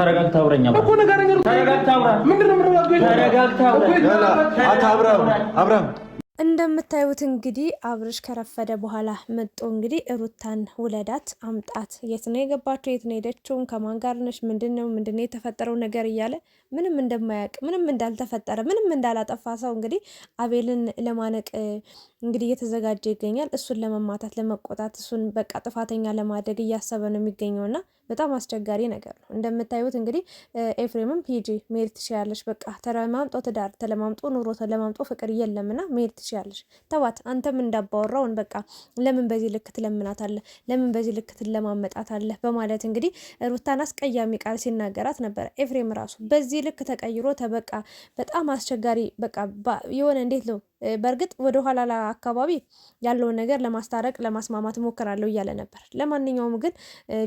ተረጋግተህ አውረኝ እኮ ንገረኝ። እንደምታዩት እንግዲህ አብርሽ ከረፈደ በኋላ መጦ እንግዲህ ሩታን ውለዳት አምጣት፣ የት ነው የገባችው፣ የት ነው የሄደችው? ከማን ጋር ነሽ? ምንድን ነው ምንድን ነው የተፈጠረው ነገር እያለ ምንም እንደማያውቅ ምንም እንዳልተፈጠረ ምንም እንዳላጠፋ ሰው እንግዲህ አቤልን ለማነቅ እንግዲህ እየተዘጋጀ ይገኛል። እሱን ለመማታት ለመቆጣት፣ እሱን በቃ ጥፋተኛ ለማድረግ እያሰበ ነው የሚገኘው እና በጣም አስቸጋሪ ነገር ነው። እንደምታዩት እንግዲህ ኤፍሬምም ሂጂ መሄድ ትችያለሽ፣ በቃ ተለማምጦ ትዳር ተለማምጦ ኑሮ ተለማምጦ ፍቅር የለምና መሄድ ትችያለሽ፣ ተዋት። አንተም እንዳባወራውን በቃ ለምን በዚህ ልክ ትለምናታለህ? ለምን በዚህ ልክ ትለማመጣታለህ? በማለት እንግዲህ ሩታን አስቀያሚ ቃል ሲናገራት ነበረ ኤፍሬም ራሱ በዚህ በዚህ ልክ ተቀይሮ ተበቃ በጣም አስቸጋሪ በቃ የሆነ እንዴት ነው በእርግጥ ወደ ኋላ አካባቢ ያለውን ነገር ለማስታረቅ ለማስማማት ሞክራለሁ እያለ ነበር። ለማንኛውም ግን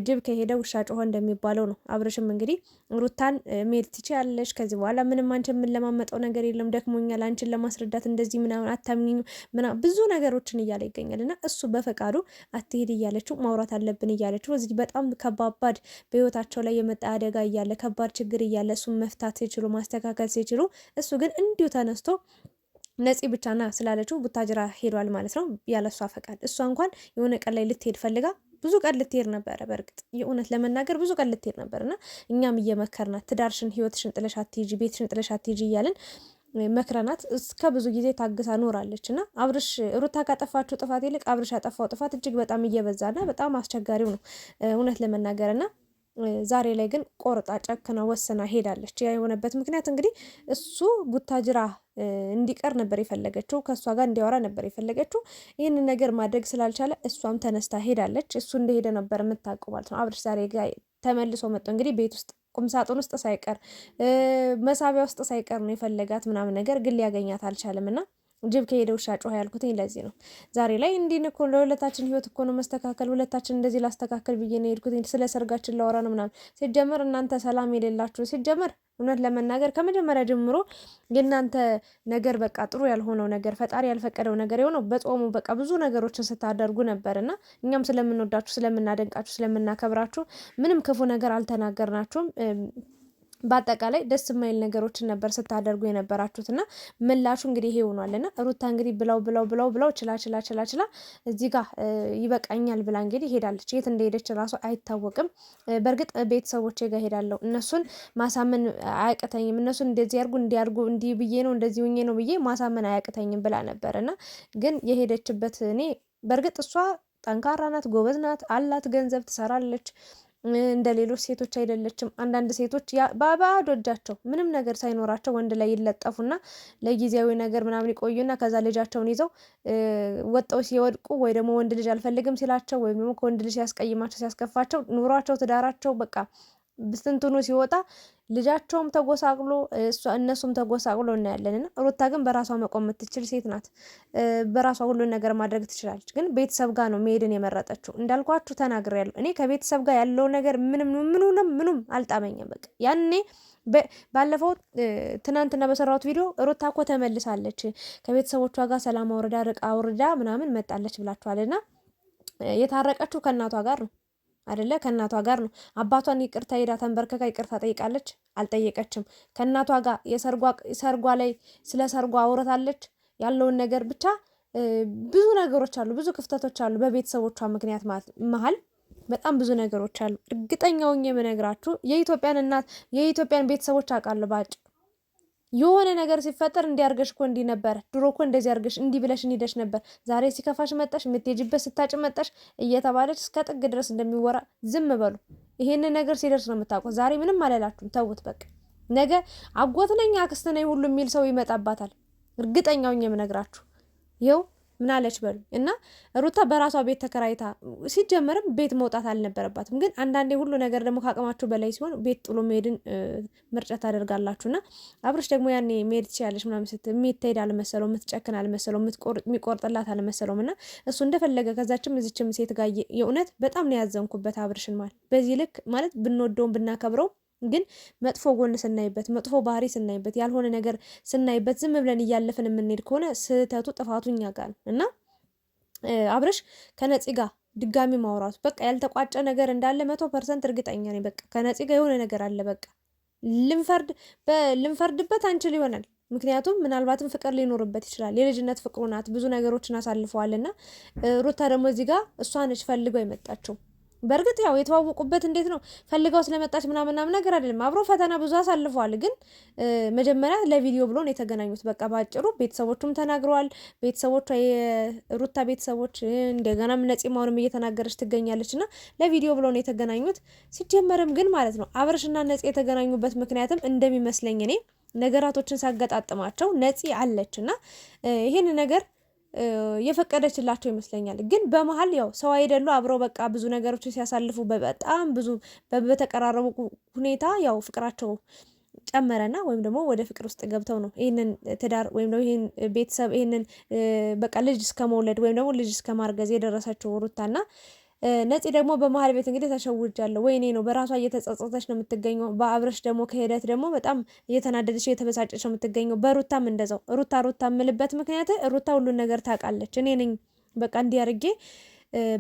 ጅብ ከሄደ ውሻ ጮኸ እንደሚባለው ነው። አብርሽም እንግዲህ ሩታን መሄድ ትችያለሽ፣ ከዚህ በኋላ ምንም አንቺ የምንለማመጠው ነገር የለም፣ ደክሞኛል፣ አንቺን ለማስረዳት እንደዚህ ምናምን አታምኝም ምና ብዙ ነገሮችን እያለ ይገኛል። እና እሱ በፈቃዱ አትሄድ እያለችው ማውራት አለብን እያለችው እዚህ በጣም ከባባድ በህይወታቸው ላይ የመጣ አደጋ እያለ ከባድ ችግር እያለ እሱን መፍታት ሲችሉ ማስተካከል ሲችሉ እሱ ግን እንዲሁ ተነስቶ ነፂ ብቻና ስላለችው ቡታጅራ ሄዷል ማለት ነው ያለሷ ፈቃድ። እሷ እንኳን የሆነ ቀን ላይ ልትሄድ ፈልጋ ብዙ ቀን ልትሄድ ነበረ። በእርግጥ የእውነት ለመናገር ብዙ ቀን ልትሄድ ነበር እና እኛም እየመከርናት ትዳርሽን፣ ህይወትሽን ጥለሽ አትሂጂ፣ ቤትሽን ጥለሽ አትሂጂ እያልን መክረናት እስከ ብዙ ጊዜ ታግሳ ኖራለች እና አብርሽ ሩታ ካጠፋችው ጥፋት ይልቅ አብርሽ ያጠፋው ጥፋት እጅግ በጣም እየበዛና በጣም አስቸጋሪው ነው እውነት ለመናገር እና ዛሬ ላይ ግን ቆርጣ ጨክና ወስና ሄዳለች። ያ የሆነበት ምክንያት እንግዲህ እሱ ቡታጅራ እንዲቀር ነበር የፈለገችው። ከእሷ ጋር እንዲያወራ ነበር የፈለገችው። ይህንን ነገር ማድረግ ስላልቻለ እሷም ተነስታ ሄዳለች። እሱ እንደሄደ ነበር የምታውቀው ማለት ነው። አብርሽ ዛሬ ጋ ተመልሶ መጥቶ እንግዲህ ቤት ውስጥ ቁምሳጥን ውስጥ ሳይቀር መሳቢያ ውስጥ ሳይቀር ነው የፈለጋት ምናምን ነገር ግን ሊያገኛት አልቻለም እና ጅብ ከሄደ ውሻ ጮኸ ያልኩትኝ ለዚህ ነው። ዛሬ ላይ እንዲህ እኮ ለሁለታችን ህይወት እኮ ነው መስተካከል፣ ሁለታችን እንደዚህ ላስተካከል ብዬ ነው የሄድኩትኝ። ስለ ሰርጋችን ላወራ ነው ምናምን። ሲጀመር እናንተ ሰላም የሌላችሁ ሲጀመር እውነት ለመናገር ከመጀመሪያ ጀምሮ የእናንተ ነገር በቃ ጥሩ ያልሆነው ነገር ፈጣሪ ያልፈቀደው ነገር የሆነው በጾሙ በቃ ብዙ ነገሮችን ስታደርጉ ነበር እና እኛም ስለምንወዳችሁ፣ ስለምናደንቃችሁ፣ ስለምናከብራችሁ ምንም ክፉ ነገር አልተናገርናችሁም። በአጠቃላይ ደስ የማይል ነገሮችን ነበር ስታደርጉ የነበራችሁት እና ምላሹ እንግዲህ ይሄ ሆኗል እና ሩታ እንግዲህ ብላው ብላው ብላው ብላው ችላ ችላ ችላ ችላ እዚህ ጋር ይበቃኛል ብላ እንግዲህ ሄዳለች። የት እንደሄደች ራሱ አይታወቅም። በእርግጥ ቤተሰቦች ጋር ሄዳለሁ እነሱን ማሳመን አያቅተኝም፣ እነሱን እንደዚህ ያርጉ እንዲያርጉ እንዲህ ብዬ ነው እንደዚህ ውኜ ነው ብዬ ማሳመን አያቅተኝም ብላ ነበር እና ግን የሄደችበት እኔ በእርግጥ እሷ ጠንካራ ናት፣ ጎበዝ ናት፣ አላት ገንዘብ ትሰራለች እንደ ሌሎች ሴቶች አይደለችም። አንዳንድ ሴቶች በባዶ እጃቸው ምንም ነገር ሳይኖራቸው ወንድ ላይ ይለጠፉና ለጊዜያዊ ነገር ምናምን ይቆዩና ከዛ ልጃቸውን ይዘው ወጠው ሲወድቁ ወይ ደግሞ ወንድ ልጅ አልፈልግም ሲላቸው ወይም ደግሞ ከወንድ ልጅ ሲያስቀይማቸው ሲያስከፋቸው ኑሯቸው፣ ትዳራቸው በቃ ብስንትኑ ሲወጣ ልጃቸውም ተጎሳቅሎ እነሱም ተጎሳቅሎ እናያለን። እና ሩታ ግን በራሷ መቆም የምትችል ሴት ናት። በራሷ ሁሉን ነገር ማድረግ ትችላለች። ግን ቤተሰብ ጋር ነው መሄድን የመረጠችው። እንዳልኳችሁ ተናግሬያለሁ። እኔ ከቤተሰብ ጋር ያለው ነገር ምንም ምንም ምንም አልጣመኝም። በቃ ያኔ ባለፈው ትናንትና በሰራሁት ቪዲዮ ሩታ እኮ ተመልሳለች ከቤተሰቦቿ ጋር ሰላም አውርዳ ርቃ አውርዳ ምናምን መጣለች ብላችኋልና የታረቀችው ከእናቷ ጋር ነው አደለ? ከእናቷ ጋር ነው። አባቷን ይቅርታ ሄዳ ተንበርከካ ይቅርታ ጠይቃለች? አልጠየቀችም። ከእናቷ ጋር የሰርጓ ላይ ስለ ሰርጓ አውረታለች። ያለውን ነገር ብቻ ብዙ ነገሮች አሉ፣ ብዙ ክፍተቶች አሉ። በቤተሰቦቿ ምክንያት መሀል በጣም ብዙ ነገሮች አሉ። እርግጠኛውኝ የምነግራችሁ የኢትዮጵያን እናት የኢትዮጵያን ቤተሰቦች አውቃለሁ የሆነ ነገር ሲፈጠር እንዲያርገሽ አድርገሽ እኮ እንዲህ ነበር፣ ድሮ እኮ እንደዚህ አድርገሽ እንዲህ ብለሽ እንዲደሽ ነበር፣ ዛሬ ሲከፋሽ መጣሽ፣ የምትሄጂበት ስታጭ መጣሽ እየተባለች እስከ ጥግ ድረስ እንደሚወራ ዝም በሉ። ይሄን ነገር ሲደርስ ነው የምታውቀው። ዛሬ ምንም አላላችሁም፣ ተውት በቃ። ነገ አጎት ነኝ አክስት ነኝ ሁሉ የሚል ሰው ይመጣባታል። እርግጠኛው የምነግራችሁ ይኸው ምን አለች በሉ እና ሩታ በራሷ ቤት ተከራይታ ሲጀመርም ቤት መውጣት አልነበረባትም። ግን አንዳንዴ ሁሉ ነገር ደግሞ ከአቅማችሁ በላይ ሲሆን ቤት ጥሎ መሄድን ምርጫ ታደርጋላችሁና አብርሽ ደግሞ ያኔ መሄድ ትችያለች ምናምን ስትል የሚትሄድ አልመሰለውም፣ የምትጨክን አልመሰለውም፣ የሚቆርጥላት አልመሰለውም። እና እሱ እንደፈለገ ከዛችም እዚችም ሴት ጋር የእውነት በጣም ነው ያዘንኩበት አብርሽን ማለት በዚህ ልክ ማለት ብንወደውም ብናከብረው ግን መጥፎ ጎን ስናይበት፣ መጥፎ ባህሪ ስናይበት፣ ያልሆነ ነገር ስናይበት ዝም ብለን እያለፍን የምንሄድ ከሆነ ስህተቱ ጥፋቱ እኛ ጋር እና አብረሽ ከነፂ ጋር ድጋሚ ማውራቱ በቃ ያልተቋጨ ነገር እንዳለ መቶ ፐርሰንት እርግጠኛ ነኝ። በቃ ከነፂ ጋር የሆነ ነገር አለ። በቃ ልንፈርድ ልንፈርድበት አንችል ይሆናል። ምክንያቱም ምናልባትም ፍቅር ሊኖርበት ይችላል። የልጅነት ፍቅሩ ናት። ብዙ ነገሮችን አሳልፈዋልና ሩታ ደግሞ እዚህ ጋር እሷ ነች ፈልገው የመጣችው በእርግጥ ያው የተዋወቁበት እንዴት ነው ፈልገው ስለመጣች ምናምናም ነገር አይደለም። አብሮ ፈተና ብዙ አሳልፈዋል። ግን መጀመሪያ ለቪዲዮ ብሎ ነው የተገናኙት። በቃ በአጭሩ ቤተሰቦቹም ተናግረዋል። ቤተሰቦቿ የሩታ ቤተሰቦች እንደገናም ነፂማውንም እየተናገረች ትገኛለች። እና ለቪዲዮ ብሎ ነው የተገናኙት። ሲጀመርም ግን ማለት ነው አብርሽና ነፂ የተገናኙበት ምክንያትም እንደሚመስለኝ እኔ ነገራቶችን ሳገጣጥማቸው ነፂ አለች እና ይህን ነገር የፈቀደችላቸው ይመስለኛል። ግን በመሀል ያው ሰው አይደሉ አብረው በቃ ብዙ ነገሮችን ሲያሳልፉ በጣም ብዙ በተቀራረቡ ሁኔታ ያው ፍቅራቸው ጨመረና ወይም ደግሞ ወደ ፍቅር ውስጥ ገብተው ነው ይህንን ትዳር ወይም ደግሞ ይህን ቤተሰብ ይህንን በቃ ልጅ እስከ መውለድ ወይም ደግሞ ልጅ እስከ ማርገዝ የደረሰችው ሩታና ነፂ ደግሞ በመሀል ቤት እንግዲህ ተሸውጃለሁ ወይኔ ነው በራሷ እየተጸጸተች ነው የምትገኘው። በአብረሽ ደግሞ ከሄደት ደግሞ በጣም እየተናደደች እየተበሳጨች ነው የምትገኘው። በሩታም እንደዛው ሩታ ሩታ የምልበት ምክንያት ሩታ ሁሉን ነገር ታውቃለች። እኔ ነኝ በቃ እንዲያርጌ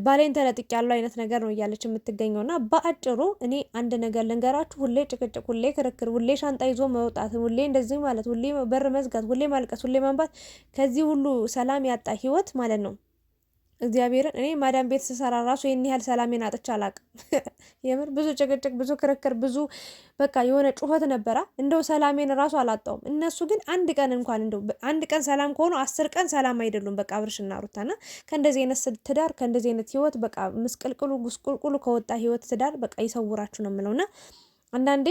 ባሌን ተለጥቅ ያለው አይነት ነገር ነው እያለች የምትገኘው። እና በአጭሩ እኔ አንድ ነገር ልንገራችሁ፣ ሁሌ ጭቅጭቅ፣ ሁሌ ክርክር፣ ሁሌ ሻንጣ ይዞ መውጣት፣ ሁሌ እንደዚህ ማለት፣ ሁሌ በር መዝጋት፣ ሁሌ ማልቀስ፣ ሁሌ ማንባት ከዚህ ሁሉ ሰላም ያጣ ህይወት ማለት ነው እግዚአብሔርን እኔ ማዳም ቤት ስሰራ ራሱ ይህን ያህል ሰላሜን አጥቼ አላቅም። የምር ብዙ ጭቅጭቅ፣ ብዙ ክርክር፣ ብዙ በቃ የሆነ ጩኸት ነበራ። እንደው ሰላሜን ራሱ አላጣውም። እነሱ ግን አንድ ቀን እንኳን እንደው አንድ ቀን ሰላም ከሆኑ አስር ቀን ሰላም አይደሉም። በቃ አብርሽና ሩታና ከእንደዚህ አይነት ትዳር ከእንደዚህ አይነት ህይወት በቃ ምስቅልቅሉ ጉስቁልቁሉ ከወጣ ህይወት ትዳር በቃ ይሰውራችሁ ነው የምለውና አንዳንዴ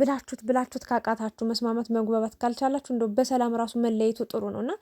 ብላችሁት ብላችሁት ካቃታችሁ መስማማት መግባባት ካልቻላችሁ እንደው በሰላም ራሱ መለየቱ ጥሩ ነው እና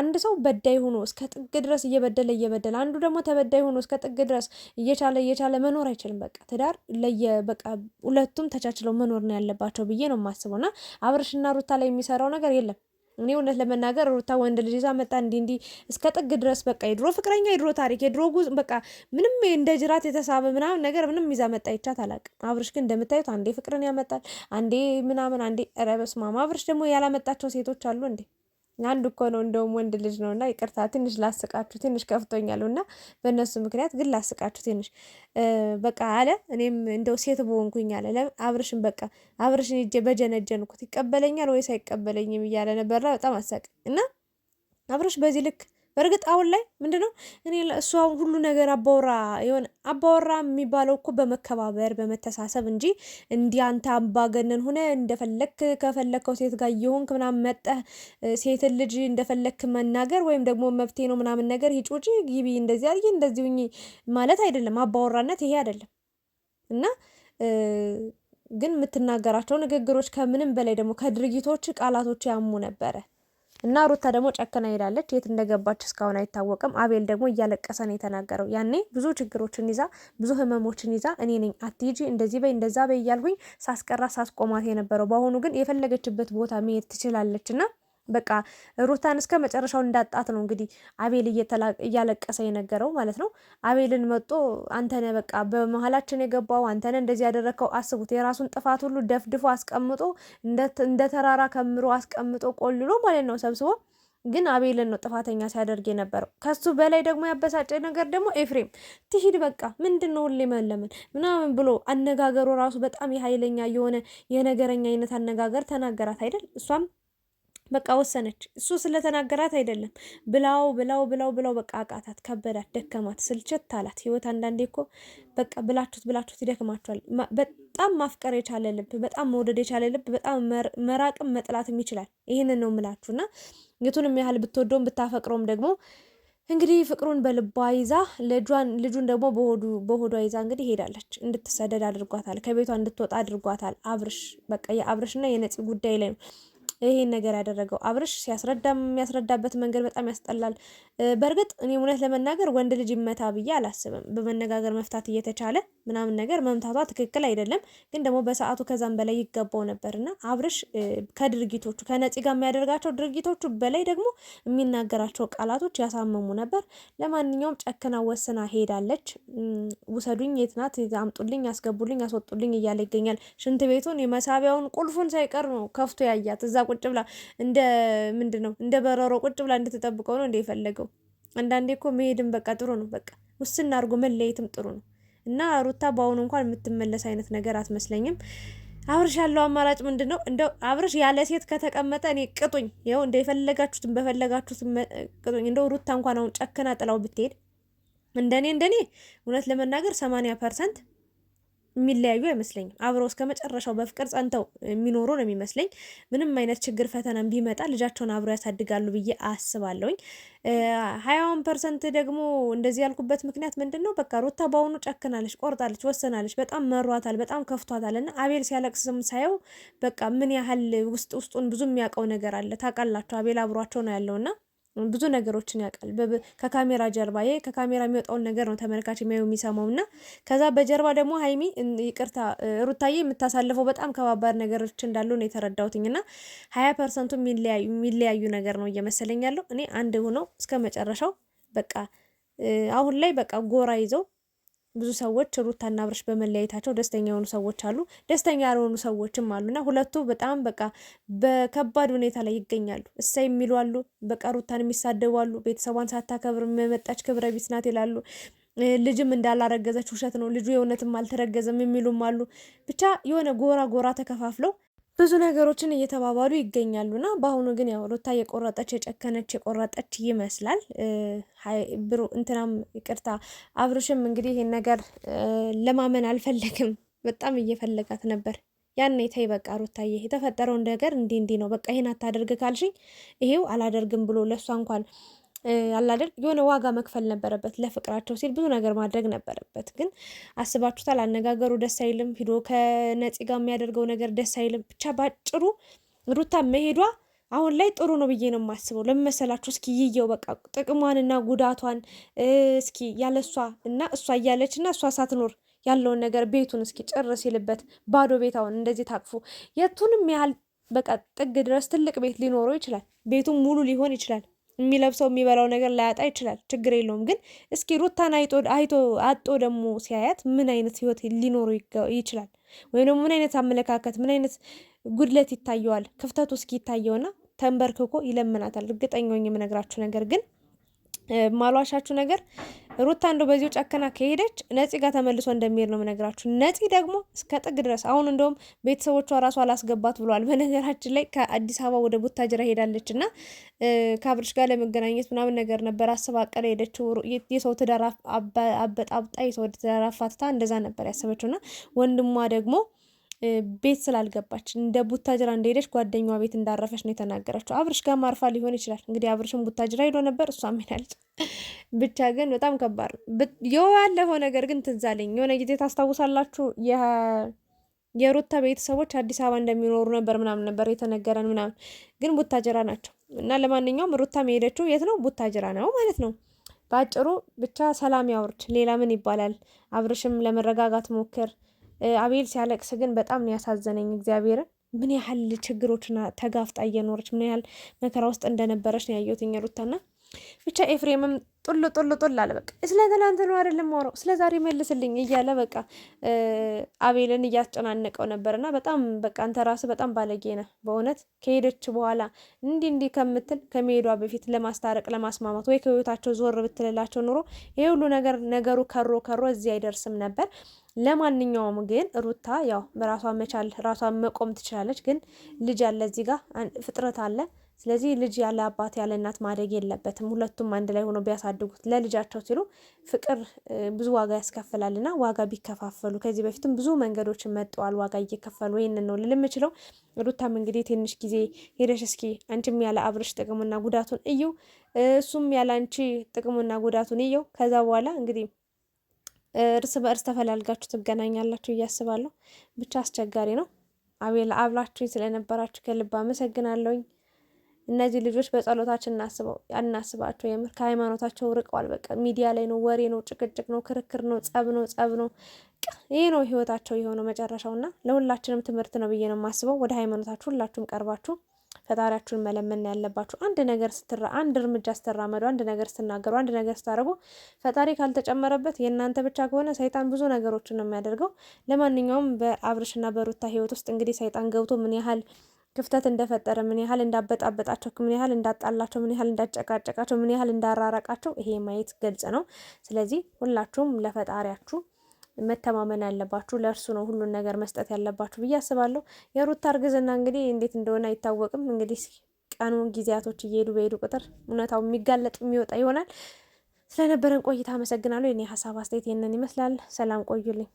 አንድ ሰው በዳይ ሆኖ እስከ ጥግ ድረስ እየበደለ እየበደለ አንዱ ደግሞ ተበዳይ ሆኖ እስከ ጥግ ድረስ እየቻለ እየቻለ መኖር አይችልም። በቃ ትዳር ለየ በቃ ሁለቱም ተቻችለው መኖር ነው ያለባቸው ብዬ ነው የማስበው እና አብርሽና ሩታ ላይ የሚሰራው ነገር የለም። እኔ እውነት ለመናገር ሩታ ወንድ ልጅ ይዛ መጣ እንዲ እንዲ እስከ ጥግ ድረስ በቃ የድሮ ፍቅረኛ የድሮ ታሪክ የድሮ ጉዝ በቃ ምንም እንደ ጅራት የተሳበ ምናምን ነገር ምንም ይዛ መጣ ይቻት አላውቅም። አብርሽ ግን እንደምታዩት አንዴ ፍቅርን ያመጣል፣ አንዴ ምናምን፣ አንዴ ረበስ አብርሽ ደግሞ ያላመጣቸው ሴቶች አሉ እንዴ? አንድ እኮ ነው እንደውም ወንድ ልጅ ነው እና ይቅርታ ትንሽ ላስቃችሁ ትንሽ ከፍቶኛል እና በእነሱ ምክንያት ግን ላስቃችሁ ትንሽ በቃ አለ እኔም እንደው ሴት በሆንኩኝ አለ አብርሽን በቃ አብርሽን ሂጄ በጀነጀንኩት ይቀበለኛል ወይስ አይቀበለኝም እያለ ነበርና በጣም አሳቅ እና አብርሽ በዚህ ልክ በእርግጥ አሁን ላይ ምንድነው እኔ እሷ ሁሉ ነገር አባወራ የሆነ አባወራ የሚባለው እኮ በመከባበር በመተሳሰብ እንጂ እንዲህ አንተ አምባገነን ሆነ እንደፈለክ ከፈለከው ሴት ጋር እየሆንክ ምናምን መጠህ ሴትን ልጅ እንደፈለክ መናገር ወይም ደግሞ መፍትሄ ነው ምናምን ነገር ሂጩጪ ጊቢ እንደዚህ አድርጊ እንደዚህ ሁኚ ማለት አይደለም። አባወራነት ይሄ አይደለም እና ግን የምትናገራቸው ንግግሮች ከምንም በላይ ደግሞ ከድርጊቶች ቃላቶች ያሙ ነበረ። እና ሩታ ደግሞ ጨክና ሄዳለች። የት እንደገባች እስካሁን አይታወቅም። አቤል ደግሞ እያለቀሰ ነው የተናገረው። ያኔ ብዙ ችግሮችን ይዛ ብዙ ህመሞችን ይዛ እኔ ነኝ አትሂጂ፣ እንደዚህ በይ፣ እንደዛ በይ እያልኩኝ ሳስቀራ ሳስቆማት የነበረው በአሁኑ ግን የፈለገችበት ቦታ መሄድ ትችላለች እና በቃ ሩታን እስከ መጨረሻው እንዳጣት ነው እንግዲህ አቤል እያለቀሰ የነገረው ማለት ነው። አቤልን መጦ አንተነ በቃ በመሀላችን የገባው አንተነ እንደዚህ ያደረግከው አስቡት። የራሱን ጥፋት ሁሉ ደፍድፎ አስቀምጦ እንደ ተራራ ከምሮ አስቀምጦ ቆልሎ ማለት ነው ሰብስቦ ግን አቤልን ነው ጥፋተኛ ሲያደርግ የነበረው። ከሱ በላይ ደግሞ ያበሳጨ ነገር ደግሞ ኤፍሬም ትሂድ በቃ ምንድን ነው ሁሌ መለምን ምናምን ብሎ አነጋገሩ ራሱ በጣም የኃይለኛ የሆነ የነገረኛ አይነት አነጋገር ተናገራት አይደል እሷም በቃ ወሰነች። እሱ ስለተናገራት አይደለም ብላው ብላው ብላው ብላው በቃ አቃታት፣ ከበዳት፣ ደከማት፣ ስልቸት አላት። ህይወት አንዳንዴ እኮ በቃ ብላችሁት ብላችሁት ይደክማችኋል። በጣም ማፍቀር የቻለ ልብ፣ በጣም መውደድ የቻለ ልብ በጣም መራቅም መጥላትም ይችላል። ይህንን ነው ምላችሁና የቱንም ያህል ብትወደውም ብታፈቅረውም ደግሞ እንግዲህ ፍቅሩን በልቧ ይዛ ልጁን ደግሞ በሆዷ ይዛ እንግዲህ ሄዳለች። እንድትሰደድ አድርጓታል። ከቤቷ እንድትወጣ አድርጓታል። አብርሽ በቃ የአብርሽና የነፂ ጉዳይ ላይ ነው ይሄን ነገር ያደረገው አብርሽ ሲያስረዳ የሚያስረዳበት መንገድ በጣም ያስጠላል። በእርግጥ እኔ እውነት ለመናገር ወንድ ልጅ ይመታ ብዬ አላስብም። በመነጋገር መፍታት እየተቻለ ምናምን ነገር መምታቷ ትክክል አይደለም፣ ግን ደግሞ በሰዓቱ ከዛም በላይ ይገባው ነበርና አብርሽ ከድርጊቶቹ ከነፂ ጋር የሚያደርጋቸው ድርጊቶቹ በላይ ደግሞ የሚናገራቸው ቃላቶች ያሳመሙ ነበር። ለማንኛውም ጨክና ወስና ሄዳለች። ውሰዱኝ፣ የትናት አምጡልኝ፣ አስገቡልኝ፣ አስወጡልኝ እያለ ይገኛል። ሽንት ቤቱን የመሳቢያውን ቁልፉን ሳይቀር ነው ከፍቶ ያያት እዛ ቁጭ ብላ እንደ ምንድን ነው እንደ በረሮ ቁጭ ብላ እንድትጠብቀው ነው እንደ የፈለገው። አንዳንዴ እኮ መሄድም በቃ ጥሩ ነው። በቃ ውስና አድርጎ መለየትም ጥሩ ነው እና ሩታ በአሁኑ እንኳን የምትመለስ አይነት ነገር አትመስለኝም። አብርሽ ያለው አማራጭ ምንድን ነው? እንደው አብርሽ ያለ ሴት ከተቀመጠ እኔ ቅጡኝ፣ ይኸው እንደ የፈለጋችሁትን በፈለጋችሁት ቅጡኝ። እንደው ሩታ እንኳን አሁን ጨክና ጥላው ብትሄድ እንደኔ እንደኔ እውነት ለመናገር ሰማንያ ፐርሰንት የሚለያዩ አይመስለኝም። አብረው እስከ መጨረሻው በፍቅር ጸንተው የሚኖሩ ነው የሚመስለኝ። ምንም አይነት ችግር ፈተናም ቢመጣ ልጃቸውን አብረው ያሳድጋሉ ብዬ አስባለሁኝ። ሀያውን ፐርሰንት ደግሞ እንደዚህ ያልኩበት ምክንያት ምንድን ነው? በቃ ሩታ በአሁኑ ጨክናለች፣ ቆርጣለች፣ ወሰናለች። በጣም መሯታል፣ በጣም ከፍቷታል። እና አቤል ሲያለቅስም ሳየው በቃ ምን ያህል ውስጥ ውስጡን ብዙ የሚያውቀው ነገር አለ። ታውቃላቸው አቤል አብሯቸው ነው ያለውና ብዙ ነገሮችን ያውቃል። ከካሜራ ጀርባ ይሄ ከካሜራ የሚወጣውን ነገር ነው ተመልካች የሚያየው የሚሰማው እና ከዛ በጀርባ ደግሞ ሀይሚ ይቅርታ ሩታዬ የምታሳልፈው በጣም ከባባድ ነገሮች እንዳሉ ነው የተረዳሁትኝ እና ሀያ ፐርሰንቱ የሚለያዩ ነገር ነው እየመሰለኝ ያለው እኔ አንድ ሆነው እስከ መጨረሻው በቃ አሁን ላይ በቃ ጎራ ይዘው ብዙ ሰዎች ሩታና አብርሽ በመለያየታቸው ደስተኛ የሆኑ ሰዎች አሉ፣ ደስተኛ ያልሆኑ ሰዎችም አሉና ሁለቱ በጣም በቃ በከባድ ሁኔታ ላይ ይገኛሉ። እሰይ የሚሉ አሉ፣ በቃ ሩታን የሚሳደቡ አሉ። ቤተሰቧን ሳታከብር የመጣች ክብረ ቢስ ናት ይላሉ። ልጅም እንዳላረገዘች ውሸት ነው፣ ልጁ የእውነትም አልተረገዘም የሚሉም አሉ። ብቻ የሆነ ጎራ ጎራ ተከፋፍለው ብዙ ነገሮችን እየተባባሉ ይገኛሉ ይገኛሉና በአሁኑ ግን ያው ሩታ የቆረጠች የጨከነች የቆረጠች ይመስላል። ብሩ እንትናም ይቅርታ አብርሽም እንግዲህ ይሄን ነገር ለማመን አልፈለግም። በጣም እየፈለጋት ነበር። ያኔ ተይ በቃ ሩታዬ የተፈጠረው ነገር እንዲህ እንዲህ ነው በቃ ይሄን አታደርግ ካልሽኝ ይሄው አላደርግም ብሎ ለእሷ እንኳን አላደል የሆነ ዋጋ መክፈል ነበረበት ለፍቅራቸው ሲል ብዙ ነገር ማድረግ ነበረበት። ግን አስባችሁታል? አነጋገሩ ደስ አይልም። ሂዶ ከነፂ ጋር የሚያደርገው ነገር ደስ አይልም። ብቻ ባጭሩ ሩታ መሄዷ አሁን ላይ ጥሩ ነው ብዬ ነው የማስበው። ለመሰላችሁ እስኪ ይየው በቃ ጥቅሟንና ጉዳቷን እስኪ ያለ እሷ እና እሷ እያለች እና እሷ ሳትኖር ያለውን ነገር ቤቱን እስኪ ጭር ሲልበት ባዶ ቤታውን እንደዚህ ታቅፎ የቱንም ያህል በቃ ጥግ ድረስ ትልቅ ቤት ሊኖረው ይችላል። ቤቱም ሙሉ ሊሆን ይችላል። የሚለብሰው የሚበላው ነገር ላያጣ ይችላል፣ ችግር የለውም። ግን እስኪ ሩታን አይቶ አጦ ደግሞ ሲያያት ምን አይነት ህይወት ሊኖሩ ይችላል? ወይም ደግሞ ምን አይነት አመለካከት ምን አይነት ጉድለት ይታየዋል? ክፍተቱ እስኪ ይታየውና ተንበርክኮ ይለምናታል። እርግጠኛ የምነግራችሁ ነገር ግን ማሏሻችሁ ነገር ሩታ እንደው በዚሁ ጨከና ከሄደች ነፂ ጋር ተመልሶ እንደሚሄድ ነው የምነግራችሁ። ነፂ ደግሞ እስከ ጥግ ድረስ አሁን እንደውም ቤተሰቦቿ ራሱ አላስገባት ብሏል በነገራችን ላይ ከአዲስ አበባ ወደ ቡታጅራ ሄዳለች እና ከአብርሽ ጋር ለመገናኘት ምናምን ነገር ነበር አስባ አቀለ ሄደችው። የሰው ትዳር አበጣብጣ፣ የሰው ትዳር አፋትታ እንደዛ ነበር ያሰበችው እና ወንድሟ ደግሞ ቤት ስላልገባች እንደ ቡታጅራ እንደሄደች ጓደኛዋ ቤት እንዳረፈች ነው የተናገረችው። አብርሽ ጋር ማርፋ ሊሆን ይችላል እንግዲህ አብርሽም ቡታጅራ ሄዶ ነበር፣ እሷም ሄዳለች። ብቻ ግን በጣም ከባድ ነው። የዋለፈው ነገር ግን ትዝ አለኝ። የሆነ ጊዜ ታስታውሳላችሁ የሩታ ቤተሰቦች አዲስ አበባ እንደሚኖሩ ነበር ምናምን ነበር የተነገረን ምናምን፣ ግን ቡታጅራ ናቸው። እና ለማንኛውም ሩታ የሄደችው የት ነው? ቡታጅራ ነው ማለት ነው። በአጭሩ ብቻ ሰላም ያውርድ። ሌላ ምን ይባላል? አብርሽም ለመረጋጋት ሞክር። አቤል ሲያለቅስ ግን በጣም ነው ያሳዘነኝ። እግዚአብሔርን ምን ያህል ችግሮችና ተጋፍጣ እየኖረች ምን ያህል መከራ ውስጥ እንደነበረች ነው ያየሁት ሩታና ብቻ ኤፍሬምም ጡል ጡል ጡል አለ። በቃ ስለ ትናንት ነው አይደለም ማውራው ስለ ዛሬ መልስልኝ እያለ በቃ አቤልን እያስጨናነቀው ነበር። ነበርና በጣም በቃ አንተ ራስህ በጣም ባለጌ ነህ በእውነት ከሄደች በኋላ እንዲህ እንዲህ ከምትል ከመሄዷ በፊት ለማስታረቅ ለማስማማት ወይ ከህይወታቸው ዞር ብትልላቸው ኑሮ ይሄ ሁሉ ነገር ነገሩ ከሮ ከሮ እዚህ አይደርስም ነበር። ለማንኛውም ግን ሩታ ያው ራሷን መቻል ራሷን መቆም ትችላለች። ግን ልጅ አለ እዚህ ጋር ፍጥረት አለ ስለዚህ ልጅ ያለ አባት ያለ እናት ማደግ የለበትም። ሁለቱም አንድ ላይ ሆኖ ቢያሳድጉት ለልጃቸው ሲሉ ፍቅር ብዙ ዋጋ ያስከፍላልና ዋጋ ቢከፋፈሉ። ከዚህ በፊትም ብዙ መንገዶችን መጠዋል ዋጋ እየከፈሉ ይህንን ነው ልል የምችለው። ሩታም እንግዲህ ትንሽ ጊዜ ሄደሽ እስኪ አንቺም ያለ አብርሽ ጥቅሙና ጉዳቱን እዩ፣ እሱም ያለ አንቺ ጥቅሙና ጉዳቱን እየው። ከዛ በኋላ እንግዲህ እርስ በእርስ ተፈላልጋችሁ ትገናኛላችሁ እያስባለሁ። ብቻ አስቸጋሪ ነው። አቤላ አብላችሁኝ ስለነበራችሁ ከልብ አመሰግናለሁኝ። እነዚህ ልጆች በጸሎታችን እናስባቸው። የምር ከሃይማኖታቸው ርቀዋል። በቃ ሚዲያ ላይ ነው፣ ወሬ ነው፣ ጭቅጭቅ ነው፣ ክርክር ነው፣ ጸብ ነው፣ ጸብ ነው። ይሄ ነው ህይወታቸው የሆነው መጨረሻው እና ለሁላችንም ትምህርት ነው ብዬ ነው የማስበው። ወደ ሃይማኖታችሁ ሁላችሁም ቀርባችሁ ፈጣሪያችሁን መለመን ያለባችሁ። አንድ ነገር ስትራ አንድ እርምጃ ስትራመዱ፣ አንድ ነገር ስትናገሩ፣ አንድ ነገር ስታደርጉ ፈጣሪ ካልተጨመረበት የእናንተ ብቻ ከሆነ ሰይጣን ብዙ ነገሮችን ነው የሚያደርገው። ለማንኛውም በአብርሽና በሩታ ህይወት ውስጥ እንግዲህ ሰይጣን ገብቶ ምን ያህል ክፍተት እንደፈጠረ ምን ያህል እንዳበጣበጣቸው፣ ምን ያህል እንዳጣላቸው፣ ምን ያህል እንዳጨቃጨቃቸው፣ ምን ያህል እንዳራራቃቸው ይሄ ማየት ገልጽ ነው። ስለዚህ ሁላችሁም ለፈጣሪያችሁ መተማመን ያለባችሁ ለእርሱ ነው ሁሉን ነገር መስጠት ያለባችሁ ብዬ አስባለሁ። የሩታ እርግዝና እንግዲህ እንዴት እንደሆነ አይታወቅም። እንግዲህ ቀኑ ጊዜያቶች እየሄዱ በሄዱ ቁጥር እውነታው የሚጋለጥ የሚወጣ ይሆናል። ስለነበረን ቆይታ አመሰግናለሁ። የኔ ሀሳብ አስተያየት ይህንን ይመስላል። ሰላም ቆዩልኝ።